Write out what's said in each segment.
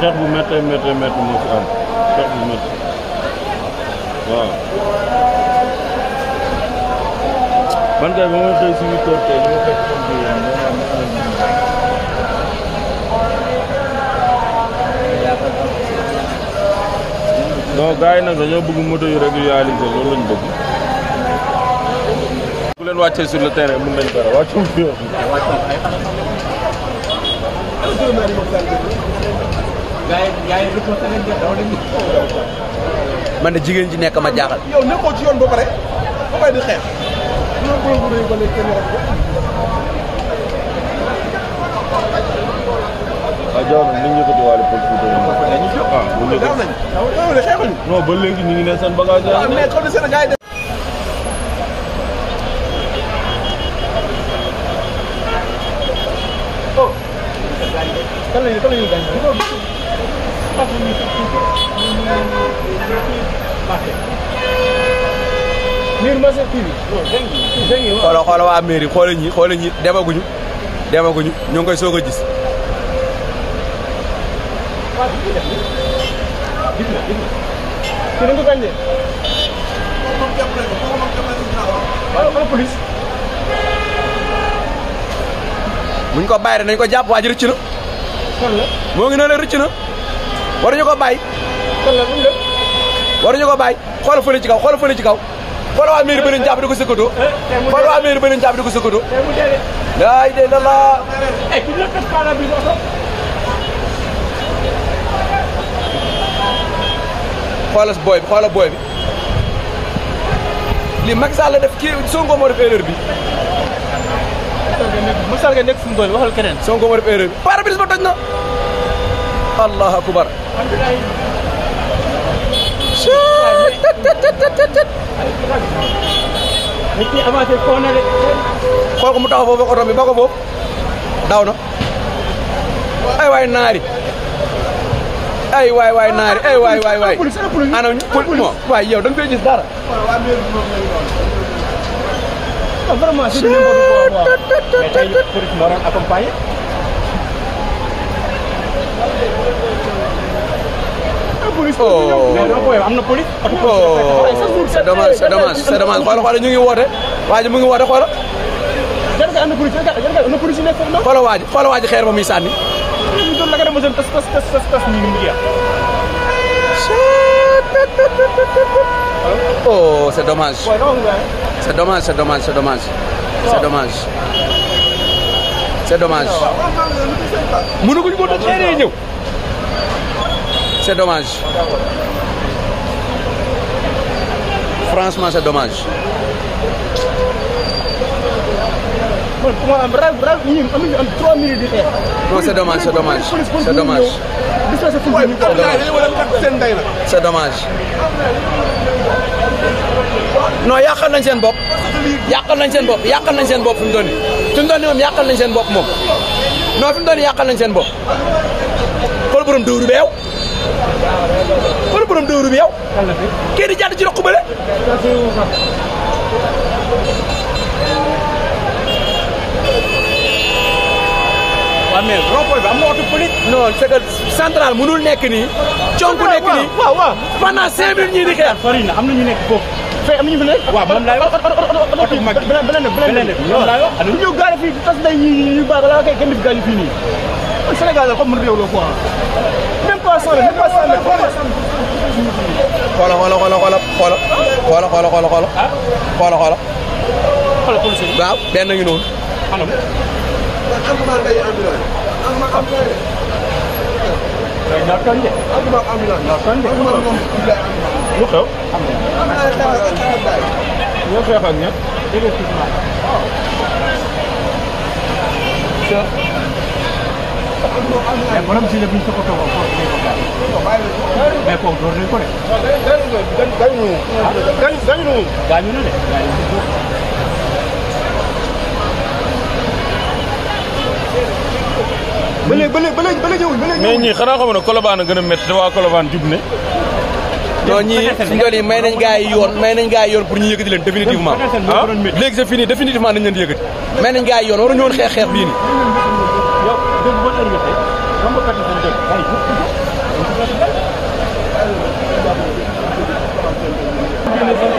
xeex bu méttee méttee méttee moo ci am xeex bu méttee waaw man kay ba ma xëy si huit heures tey li ma fekk ci biir non gars yi nag dañoo bëgg moto yu régulariser loolu lañ bëgg. bu leen wàccee sur le terrain mën nañ dara wàccu. man de jigéen ji nekk ma jaaxal. yow nekkoo ci yoon ba pare ba pare di xeex. waaw jaww ji nañu yëkkati wàllu pôle Fouta yi. waaw bu ñu yëkkati waaw xeexuñu. non ba léegi ñu ngi ne seen bagage. waaw ah, mais comme seen gars yi oh. kan la ñuy kan la ñuy xoolo xoolo waa mairie xoola ñi xoola ñi demaguñu demaguñu ñu ngi koy soog a gis ko bàyyi nañ ko jàpp waaj rëcc na moo waruñu ko bàyyi. kon nag def. ci kaw xoolal fole ci kaw. xoolal waa mairie bëriñ jàpp di ko sëkkatoo. xoolal waa mairie bëriñ jàpp ko sëkkatoo. laay de la la. xoolal booy bi xoolal booy bi. lii Macky Sall la def kii Sonko moo def bi. Macky Sall nga nekk mu waxal keneen. Sonko moo def erreur bi. pare bi ba toj na. allahu akbar xool ko mu taxaw foofu oto bi ba ko foofu daw na ay waay naari ay waay waay naari ay waay waay waay ana poli mo waay yow da nga fay gis dara vraiment police. am na police. c'est dommage c'est dommage c'est dommage xool xool ñu ngi woote waa ji mu ngi woote xool. jërëjëf waa ji xoolal waa ji xeer ba muy sànni. ñu doon la nga dem seen tas ñëw. c'est dommage franchement c'est dommage. man ku ma am ra ra ñun amuñu am 3 minutes di xeex. non c'est dommage c'est dommage c'est dommage. c'est dommage. non yàqal nañ seen bopp. yàqal nañ seen bopp yàqal nañ seen bopp fi mu doon nii. fi mu doon moom yàqal nañ seen bopp moom. non fi mu doon nañ seen bopp. xool borom beew wala borom dëwru bi yow. kii di jàdd ci roq bële. waaw mais rond-point bi am na oto police. non c'est que central mënul nekk nii. conku nekk nii waaw waaw pendant cinq minutes na am na ñu nekk foofu. fee am na ñu fi nekk. waaw moom laay wax oto bi beneen beneen beneen beneen moom laay wax. ñu ñëw gaare fii tas day ñu ñu baax la kay kenn fi gaañu fii nii. Sénégal la comme réew la quoi. 300 la même pas 100 mètres. xoolal xoolal xoolal xoolal xoolal xoolal xoolal xoolal. ah xoolal xoolal. xoolal policier bi waaw benn ngi noonu. xanaa. daa tooñ de. daa tooñ de. lu xew. ñoo xeex ak ñëpp. mais borom si la bu ñu toppatoo ko foofu dañ ko gaañ. mais foofu door nañ ko de. gaañu gaañu gaañu na na de gaañu xanaa xamoon ne a gën a métti te waa Colobane jub ne. non ñii suñu may nañ gars yoon may nañ gars yoon pour ñu yëkkati leen définitivement. ah léegi fini définitivement nañ leen di yëkkati. may nañ gars yoon waruñu woon xeex xeex sécurité xam nga kat na ko ay jur ko donc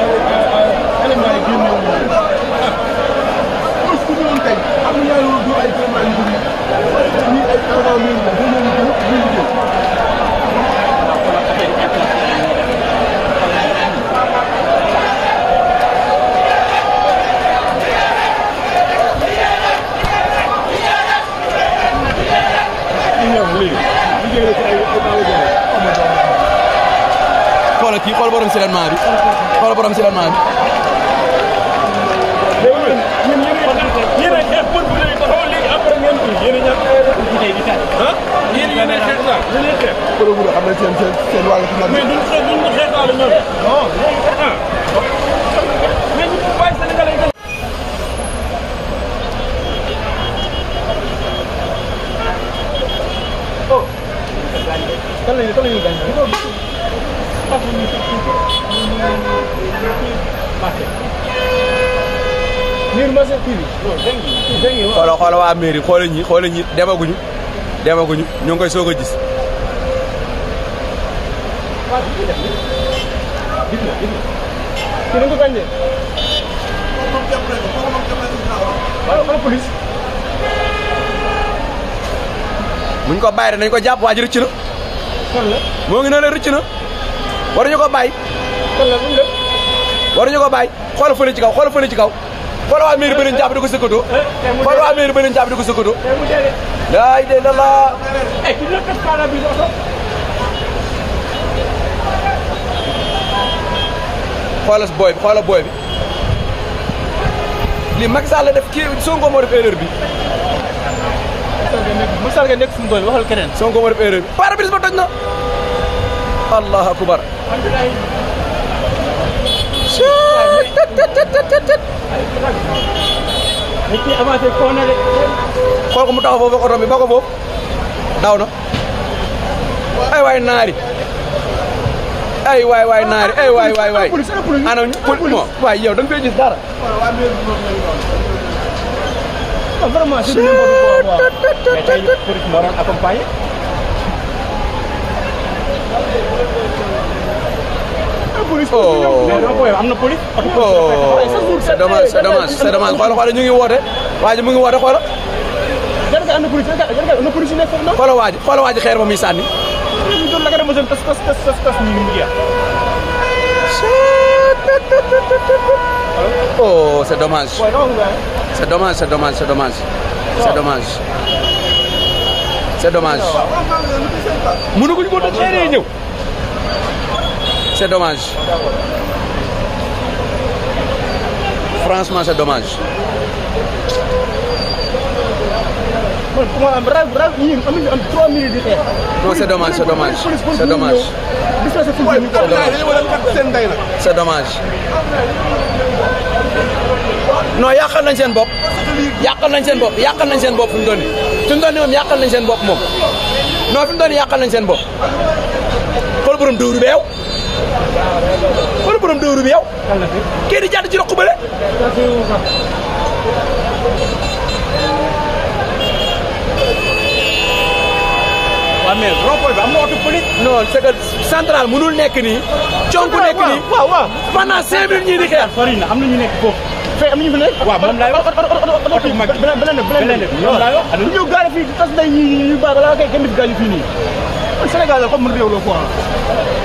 xoolal kii xool borom silanement bi xool borom silanement bi. yéen a ngi xoolal xoolal waa mairie xoolal ñi xoolal ñi demaguñu demaguñu ñu ngi koy soog a gis. buñ ko bàyyi rek nañ ko jàpp waa ji rëcc na. moo ngi noonu rëcc na waruñu ko baay waruñu ko bàyyi xoolal ci kaw xoolal fële ci kaw. far waa miir bëriñ jàpp di ko sëkkatu far waa miir bëriñ jàpp di ko sëkkatu de la laa eh, xoolal booy bi xoolal booy bi li Macky Sall la def kii Sonko moo def erreur bi Moussa Gueye nekk fu mu doon keneen. Sonko moo def erreur bi pare-brise ba toj allahu akbar kooku mu taxaw foofu oto bi ba ko foofu daw na ay naari ay waay waay naari ay waay waay waay ana poli mo waay yow da nga fay gis dara vraiment c'est police. am na police. c'est dommage c'est dommage c'est dommage xool xool ñu ngi woote waa ji mu ngi woote xool. jërëjëf am na police jërëjëf am na police yu nekk foofu noonu. xoolal waa ji xoolal waa ji xeer ba muy sànni. ñu doon la nga dem seen tas tas tas tas tas ñu ngi oh c'est dommage. c'est dommage c'est dommage c'est dommage. c'est dommage. c'est dommage. mënu ko ñu ko doon ñëw. c'est dommage. Franchement, c'est dommage. Non, c'est dommage, c'est dommage. C'est dommage. C'est dommage. non yàqal nañ seen bopp yàqal nañ seen bopp yàqal nañ seen bopp fi mu doon fi mu doon moom yàqal nañ seen bopp moom non fi mu doon yàqal nañ seen bopp kon borom dóoru beew wala borom dëwru bi yow. kii di jàdd ci roq bële. waaw mais rond-point bi am na oto police. non c'est que centrale mënul nekk nii. conk nekk nii waaw waaw. pendant cinq minutes am na ñu nekk foofu. fee am na ñu fi nekk. waaw moom laay wax oto mag bi beneen beneen beneen ñu ñëw fii tas day ñuy ñuy baax laa koy kenn du gaañu fii nii. Sénégal la comme mën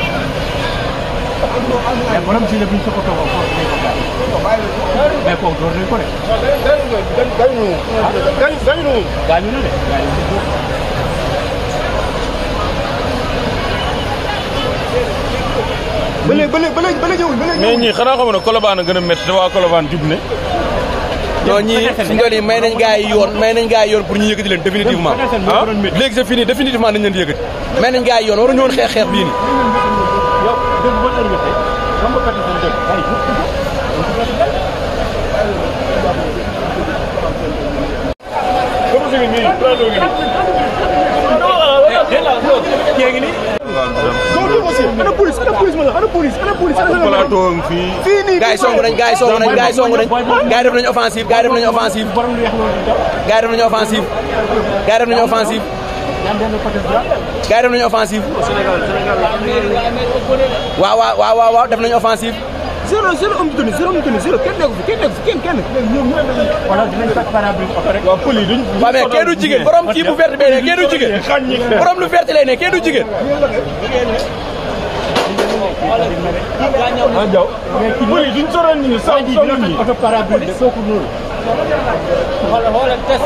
mais borom si la biñ a toog a ko mais kooku door nañ ko de. gaañu gaañu na de gaañu ba léegi ba léegi ba léegi ba léegi a gën a métti te waa Colobane jub ne. non ñii may nañ gaa yoon may nañ gaa yoon pour ñu yëkkati leen définitivement. ah léegi c'est fini définitivement nañ leen di may nañ gaa yoon waruñu woon xeex xeex bii dégg nga heure jotee xam nga kat yi dégg waaye jur gi plateau fii. fii nii gars yi songu nañ gars yi songu nañ gars yi songu nañ gars yi def nañ offensive gars yi def nañ offensive gars yi def nañ offensive gars yi def nañ offensive gars yi def nañu offensive. waaw waaw waaw waaw waaw def nañu offensive. zéro zéro am na zéro am na zéro kenn nekk fi kenn nekk fi kenn kenn. wala dinañ fekk parabolique après. waaw pël yi duñ. waaw mais kenn du jigéen borom kii bu vert bee ne kenn du jigéen. borom lu vert lay ne kenn du jigéen. ah Diaw. mais kii bi pël yi duñ soroon nii saw saw nii. xoolal xoolal test.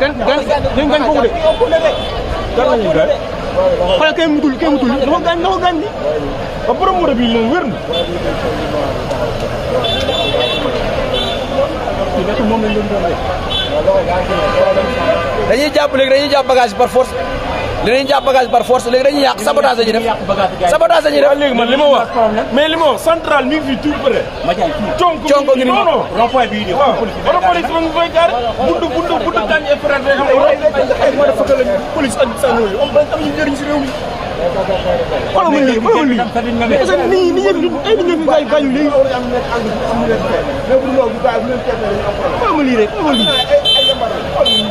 gan gan gan gan foofu de. na ko gan na ko gan di. jàpp léegi dañuy jàpp bagage dinañ jàpp bagage par force léegi dañuy yàq sabotage la ñuy def sabotage la ñuy ma wax mais li ma wax central mi ngi fi tout près. ma jaay tuuti gi non non. rond-point bi si réew mi. xoolal ma lii xoolal lii ñi nit ñi ñi gaañu gaañu